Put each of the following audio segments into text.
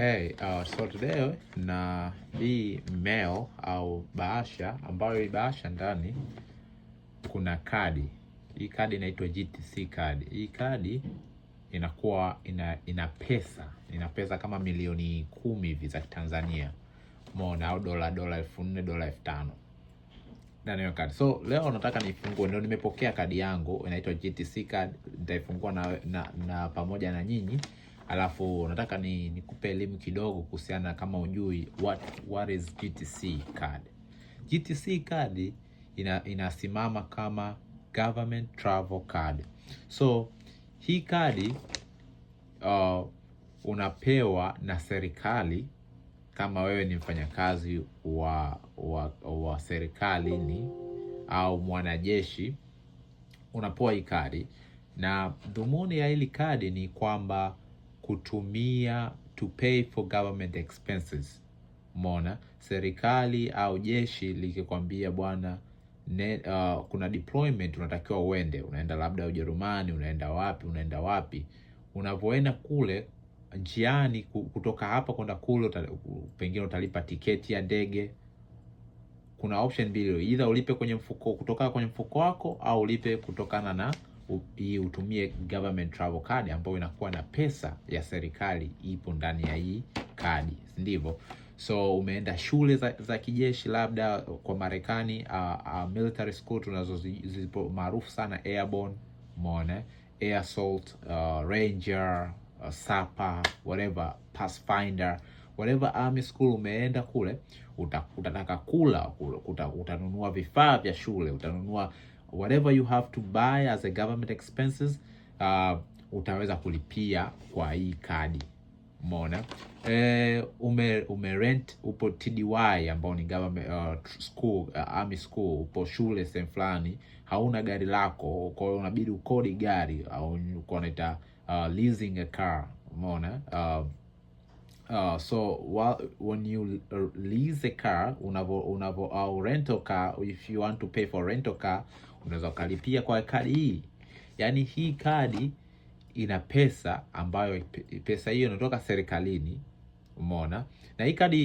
Hey, uh, so today na hii mail au bahasha ambayo hii bahasha ndani kuna kadi. Hii kadi inaitwa GTC kadi. Hii kadi inakuwa ina, ina pesa ina pesa kama milioni kumi hivi za Tanzania mona au dola dola elfu nne dola elfu tano ndani ya kadi. So leo nataka nifungue, ndio nimepokea kadi yangu inaitwa GTC kadi, nitaifungua na, na, na pamoja na nyinyi alafu nataka ni nikupe elimu kidogo kuhusiana kama ujui what, what is GTC card. GTC card ina, inasimama kama government travel card. So hii kadi uh, unapewa na serikali kama wewe ni mfanyakazi wa, wa, wa serikalini au mwanajeshi unapewa hii kadi, na dhumuni ya hili kadi ni kwamba kutumia to pay for government expenses. Mona, serikali au jeshi likikwambia bwana ne, uh, kuna deployment unatakiwa uende, unaenda labda Ujerumani, unaenda wapi, unaenda wapi, unavyoenda kule njiani, kutoka hapa kwenda kule, pengine utalipa tiketi ya ndege. Kuna option mbili, either ulipe kwenye mfuko kutoka kwenye mfuko wako au ulipe kutokana na hii utumie government travel card ambayo inakuwa na pesa ya serikali ipo ndani ya hii kadi, ndivyo. So umeenda shule za, za kijeshi labda kwa Marekani uh, uh, military school tunazo maarufu sana airborne, mone air assault, uh, ranger, uh, sapa, whatever pathfinder whatever army school umeenda kule, utataka kula, utanunua vifaa vya shule, utanunua whatever you have to buy as a government expenses uh, utaweza kulipia kwa hii kadi. mona eh, ume, ume rent upo TDY ambao ni government uh, school, uh, army school, upo shule sehemu fulani, hauna gari lako, kwa hiyo unabidi ukodi gari au unaita uh, leasing a car. mona uh, Uh, so while, when you lease a car unavo, unavo, uh, rental car if you want to pay for rental car unaweza ukalipia kwa kadi hii. Yaani hii kadi ina pesa ambayo pesa hiyo inatoka serikalini, umeona, na hii kadi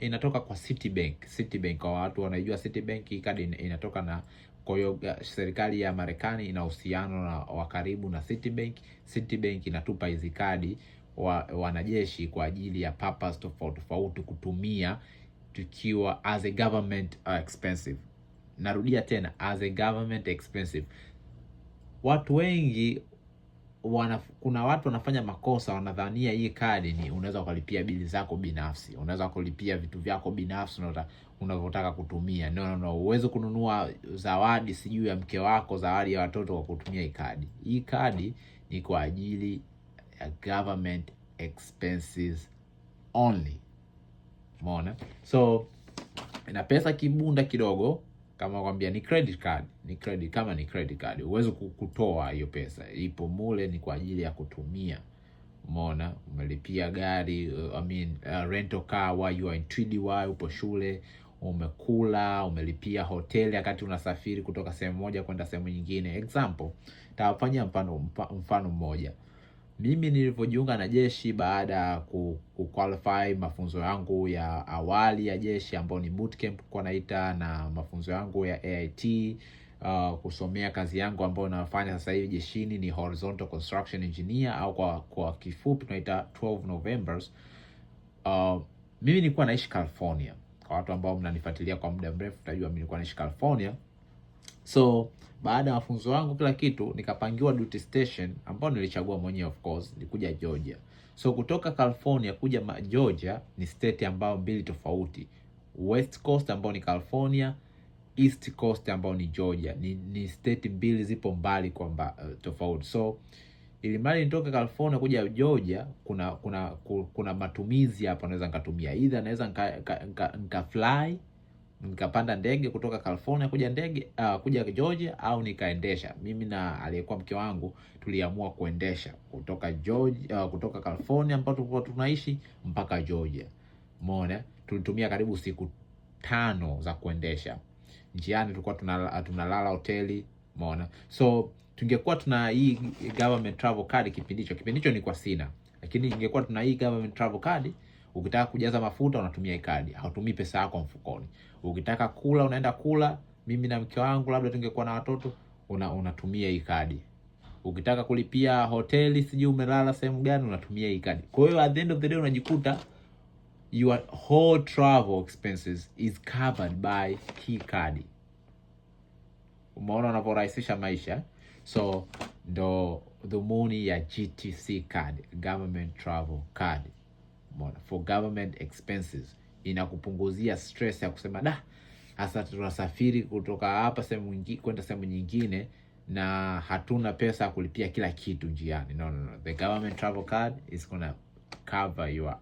inatoka kwa Citibank. Citibank kwa watu wanaijua Citibank, hii kadi inatoka na kwa hiyo uh, serikali ya Marekani ina uhusiano wa karibu na Citibank. Citibank inatupa hizi kadi wa, wanajeshi kwa ajili ya purpose tofauti tofauti kutumia tukiwa as a government expensive narudia tena, as a government expensive. Watu wengi wana, kuna watu wanafanya makosa, wanadhania hii kadi ni unaweza ukalipia bili zako binafsi, unaweza kulipia vitu vyako binafsi unavyotaka kutumia. No, no, no, huwezi kununua zawadi sijuu ya mke wako, zawadi ya watoto kwa kutumia hii kadi. Hii kadi ni kwa ajili ya government expenses only. Umeona? So ina pesa kibunda kidogo kama kwambia ni credit card, ni credit, kama ni credit card huwezi kutoa hiyo pesa, ipo mule ni kwa ajili ya kutumia. Umeona, umelipia gari uh, I mean, uh, rental car while you are in TDY, upo shule, umekula, umelipia hoteli wakati unasafiri kutoka sehemu moja kwenda sehemu nyingine. Example, tawafanyia mfano mfano mmoja mimi nilivyojiunga na jeshi baada ya ku, kuqualify mafunzo yangu ya awali ya jeshi ambao ni bootcamp kwa naita na mafunzo yangu ya AIT uh, kusomea kazi yangu ambayo nafanya sasa hivi jeshini ni horizontal construction engineer au kwa, kwa kifupi tunaita 12 Novembers. Uh, mimi nilikuwa naishi California. Kwa watu ambao mnanifuatilia kwa muda mrefu, mtajua mimi nilikuwa naishi California So baada ya mafunzo yangu kila kitu, nikapangiwa duty station ambayo nilichagua mwenyewe of course, nikuja Georgia. So kutoka California kuja Georgia ni state ambayo mbili tofauti, West Coast ambayo ni California, East Coast ambayo ni Georgia. Ni, ni state mbili zipo mbali kwa mba, uh, tofauti. So ilimradi nitoke California kuja Georgia, kuna kuna kuna matumizi hapo naweza nikatumia, either naweza nika, nika, nika, nika fly nikapanda ndege kutoka California kuja ndege uh, kuja Georgia au nikaendesha mimi na aliyekuwa mke wangu, tuliamua kuendesha kutoka Georgia, uh, kutoka California ambapo tulikuwa tunaishi mpaka Georgia. Umeona, tulitumia karibu siku tano za kuendesha. Njiani tulikuwa tunalala tuna hoteli, umeona. So tungekuwa tuna hii government travel card kipindi hicho, kipindi hicho ni kwa sina, lakini ingekuwa tuna hii government travel card Ukitaka kujaza mafuta unatumia ikadi, hautumii pesa yako mfukoni. Ukitaka kula unaenda kula, mimi na mke wangu labda tungekuwa na watoto, una, unatumia ikadi. Ukitaka kulipia hoteli, sijui umelala sehemu gani, unatumia ikadi. Kwa hiyo at the end of the day unajikuta your whole travel expenses is covered by key card. Umeona unavyorahisisha maisha, so ndo dhumuni ya GTC card, government travel card mona for government expenses inakupunguzia stress ya kusema da, hasa tunasafiri kutoka hapa sehemu nyingine kwenda sehemu nyingine na hatuna pesa ya kulipia kila kitu njiani. No, no, no. The government travel card is gonna cover your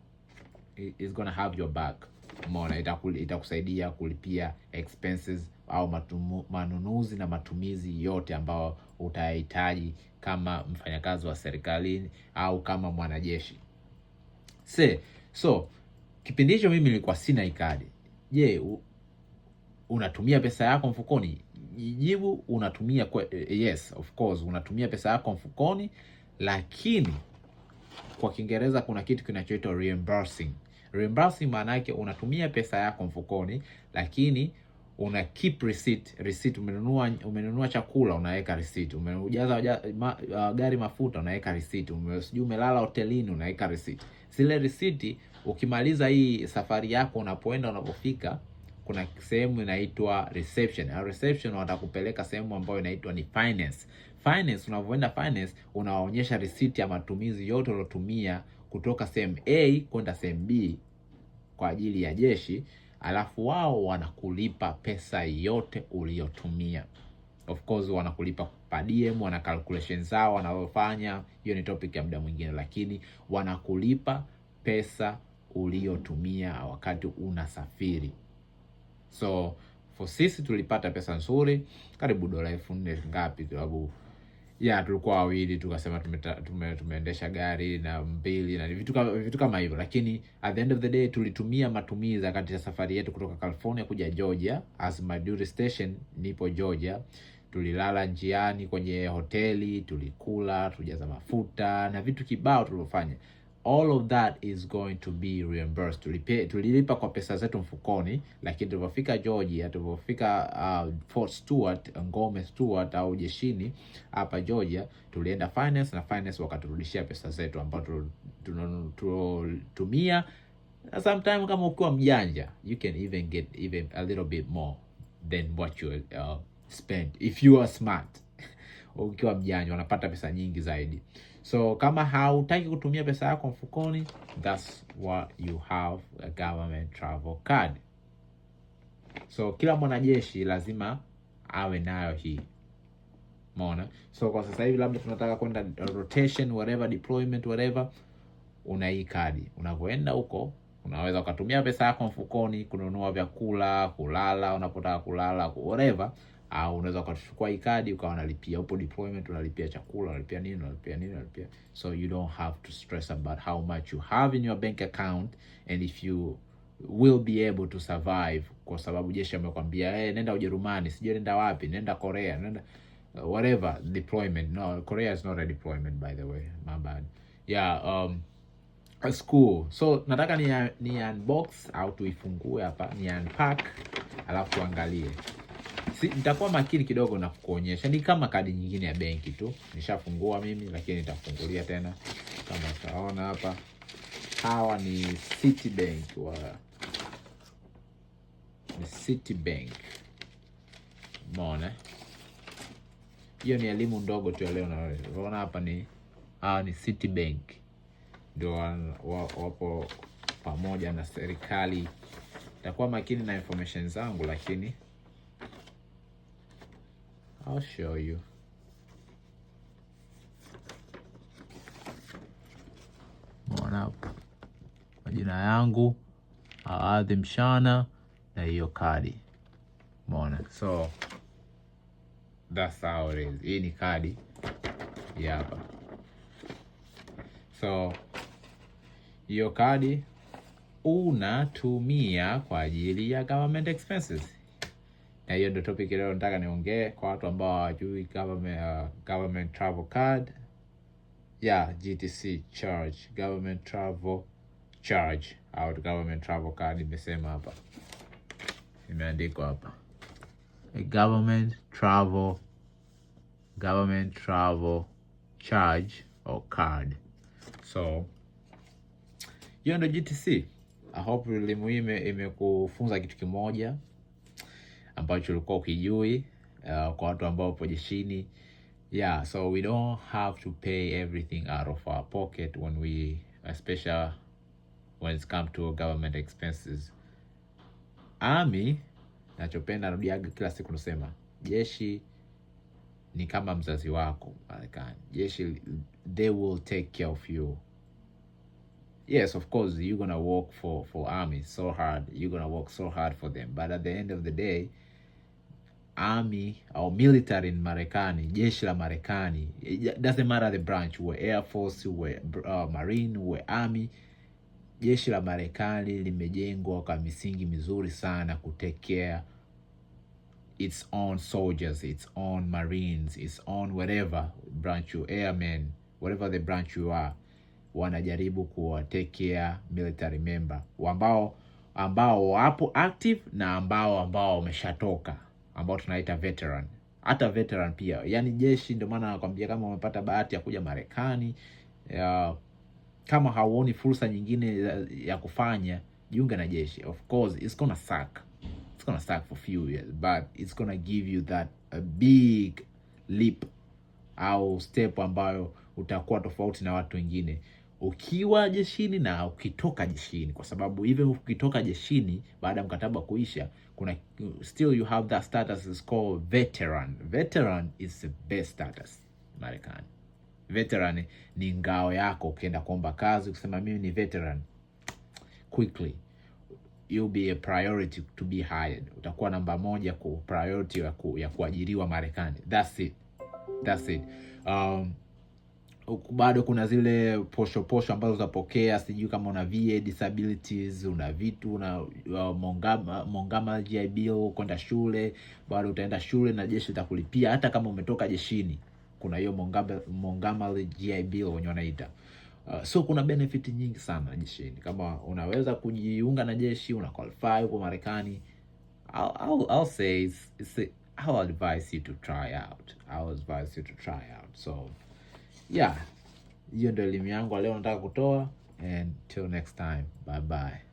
is gonna have your back. mona itakusaidia kulipia expenses au matumu, manunuzi na matumizi yote ambayo utahitaji kama mfanyakazi wa serikalini au kama mwanajeshi se so kipindi hicho mimi nilikuwa sina ikadi. Je, unatumia pesa yako mfukoni? Jibu, unatumia kwe, eh, yes of course unatumia pesa yako mfukoni, lakini kwa Kiingereza kuna kitu kinachoitwa reimbursing. Reimbursing maana yake unatumia pesa yako mfukoni lakini una keep receipt. Receipt umenunua umenunua chakula unaweka receipt, umeujaza ma, uh, gari mafuta unaweka receipt, sijui umelala hotelini unaweka receipt. Zile receipt ukimaliza hii safari yako, unapoenda unapofika, kuna sehemu inaitwa reception. A reception watakupeleka sehemu ambayo inaitwa ni finance. Finance, unavyoenda finance, unawaonyesha receipt ya matumizi yote uliotumia kutoka sehemu A kwenda sehemu B kwa ajili ya jeshi alafu wao wanakulipa pesa yote uliyotumia. Of course wanakulipa per dm wana calculation zao wanazofanya, hiyo ni topic ya muda mwingine, lakini wanakulipa pesa uliyotumia wakati unasafiri. So for sisi tulipata pesa nzuri, karibu dola elfu nne ngapi, sababu ya tulikuwa wawili tukasema tume, tumeendesha gari na mbili na vitu kama vitu kama hivyo, lakini at the end of the day tulitumia matumizi kati ya safari yetu kutoka California kuja Georgia. As duty station nipo Georgia, tulilala njiani kwenye hoteli, tulikula, tujaza mafuta na vitu kibao tulivyofanya all of that is going to be reimbursed. tulilipa kwa pesa zetu mfukoni, lakini tulipofika Georgia, tulipofika uh, Fort Stewart, Ngome Stewart au jeshini hapa Georgia, tulienda finance na finance wakaturudishia pesa zetu ambazo tulotumia. Sometimes kama ukiwa mjanja, you can even get even a little bit more than what you uh, spend if you are smart. Ukiwa mjanja unapata pesa nyingi zaidi. So kama hautaki kutumia pesa yako mfukoni, that's why you have a government travel card. So kila mwanajeshi lazima awe nayo hii. Umeona? So kwa sasa hivi labda tunataka kwenda rotation whatever, deployment whatever, una hii kadi. Unapoenda huko unaweza ukatumia pesa yako mfukoni kununua vyakula, kulala unapotaka kulala, whatever au unaweza ukachukua ikadi ukawa unalipia, upo deployment, unalipia chakula, unalipia nini, unalipia nini, unalipia. So you don't have to stress about how much you have in your bank account and if you will be able to survive, kwa sababu jeshi amekwambia hey, eh, nenda Ujerumani, sijui nenda wapi, nenda Korea, nenda uh, whatever deployment. No, Korea is not a deployment by the way, my bad. Yeah, um a school. So nataka ni, ni unbox au tuifungue hapa ni unpack, alafu angalie si, nitakuwa makini kidogo na kukuonyesha. Ni kama kadi nyingine ya benki tu, nishafungua mimi lakini nitafungulia tena. Kama utaona hapa, hawa ni Citibank wa ni Citibank, umeona hiyo ni elimu ndogo tu leo na wewe. Unaona hapa ni hawa ni Citibank ndio wapo pamoja na serikali. Nitakuwa makini na information zangu lakini I'll show you. Ona hapo majina yangu Awadhi Mshana na hiyo kadi mona, so that's how it is. Hii ni kadi ya hapa, so hiyo kadi unatumia kwa ajili ya government expenses na hiyo ndio topic leo nataka niongee kwa watu ambao hawajui government, uh, government travel card ya GTC charge, government travel charge au government travel card imesema hapa, imeandikwa hapa A government travel government travel charge or card. So hiyo ndio GTC. I hope elimu hii imekufunza kitu kimoja ambacho ulikuwa ukijui uh, kwa watu ambao wapo jeshini yeah so we don't have to pay everything out of our pocket when we especially when it come to government expenses army nachopenda narudiaga kila siku nasema jeshi ni kama mzazi wako Marekani jeshi they will take care of you yes of course you're gonna work for for army so hard you're gonna work so hard for them but at the end of the day army au military in Marekani, jeshi la Marekani, doesn't matter the branch, uwe air force, uwe uh, marine, uwe army, jeshi la Marekani limejengwa kwa misingi mizuri sana ku care its own soldiers, its own marines, its own whatever branch you airmen, whatever the branch you are wanajaribu kuwatekea military member ambao ambao wapo active na ambao ambao wameshatoka ambao tunaita veteran, hata veteran pia, yani jeshi. Ndio maana nakwambia kama umepata bahati ya kuja Marekani, kama hauoni fursa nyingine ya, ya kufanya jiunga na jeshi. Of course it's gonna suck, it's gonna suck for few years but it's gonna give you that a big leap au step ambayo utakuwa tofauti na watu wengine ukiwa jeshini na ukitoka jeshini, kwa sababu hivyo ukitoka jeshini baada ya mkataba kuisha, kuna still you have that status is called veteran. Veteran is the best status Marekani. Veteran ni ngao yako, ukienda kuomba kazi ukisema mimi ni veteran, quickly you'll be a priority to be hired, utakuwa namba moja kwa priority ya kuajiriwa Marekani. That's it, that's it um, bado kuna zile posho posho ambazo utapokea, sijui kama una VA disabilities, una vitu una uh, uh mongama, mongama GI kwenda shule, bado utaenda shule na jeshi litakulipia hata kama umetoka jeshini. Kuna hiyo mongama, mongama GI Bill wenye wanaita uh, so kuna benefit nyingi sana jeshini. Kama unaweza kujiunga na jeshi, una qualify huko Marekani, I'll, I'll, I'll say it's, it's a, I'll advise you to try out. I'll advise you to try out so yeah, hiyo ndio elimu yangu leo nataka kutoa. Until next time, bye bye.